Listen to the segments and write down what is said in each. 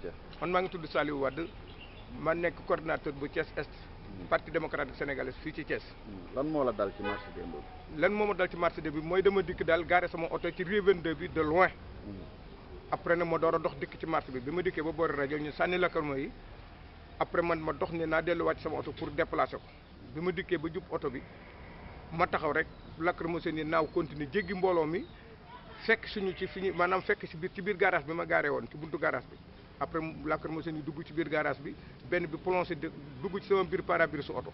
ok man maa ngi tudd Saliou Wade ma nekk coordinateur bu Thiès Est. Hmm. parti démocratique sénégalais fii ci Thiès. Hmm. lan moo la dal ci marché démb bi. lan moo ma dal ci marché démb bi mooy dama dikk daal gaare sama oto ci rue de bi de loin. Hmm. après na ma door a dox dikk ci marché bi bi ma dikkee ba boori rajo ñu sànni lakkarmo yi après man ma dox ne naa delluwaat sama oto pour déplacer ko bi ma dikkee ba jub oto bi ma taxaw rek lakkar lakkarmo seen yi naaw continuer jéggi mbooloo mi fekk suñu ci fi ñu maanaam fekk si biir ci biir garage bi ma gaaree woon ci buntu garage bi. après lacrymogène yi dugg ci biir garage bi benn bi plongé dugg ci sama biir pare oto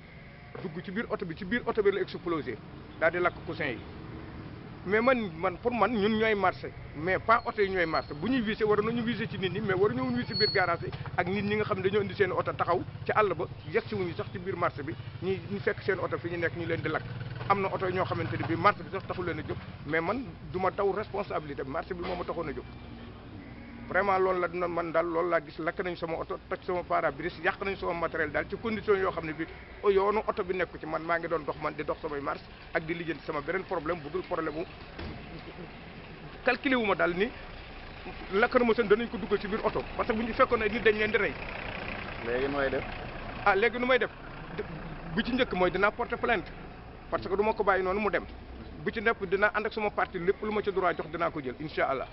dugg ci biir oto bi ci biir oto bi la explosé daal di lakk coussin yi mais man man pour man ñun ñooy marché mais pas oto yi ñooy marché bu ñuy visé war nañu visé ci nit ñi mais war ñëwun visé biir garage yi ak nit ñi nga xam ne dañoo indi seen oto taxaw ci àll ba yegg wuñu sax ci biir marché bi ñi ñu fekk seen oto fi ñu nekk ñu leen di lakk am na oto ñoo xamante ne bi marché bi sax leen a jóg man du taw responsabilité bi bi moo ma taxoon a jóg vraiment loolu la dina man daal loolu laa gis lakk nañ sama oto toj sama pare-brise yàq nañ sama matériel daal ci condition yoo xam ne bi yoonu oto bi nekku ci man maa ngi doon dox man di dox samay marche ak di lijjanti sama beneen problème bu dul problème wu calculé wu ma daal ni seen danañ ko dugal ci biir oto parce que bu ñu fekkoon ay nit dañ leen di rey. léegi nooy def. ah léegi nu may def bi ci njëkk mooy dinaa porter plainte parce que du ko bàyyi noonu mu dem bi ci nepp dinaa ànd sama parti lépp lu ma ci droit jox dinaa ko jël incha allah.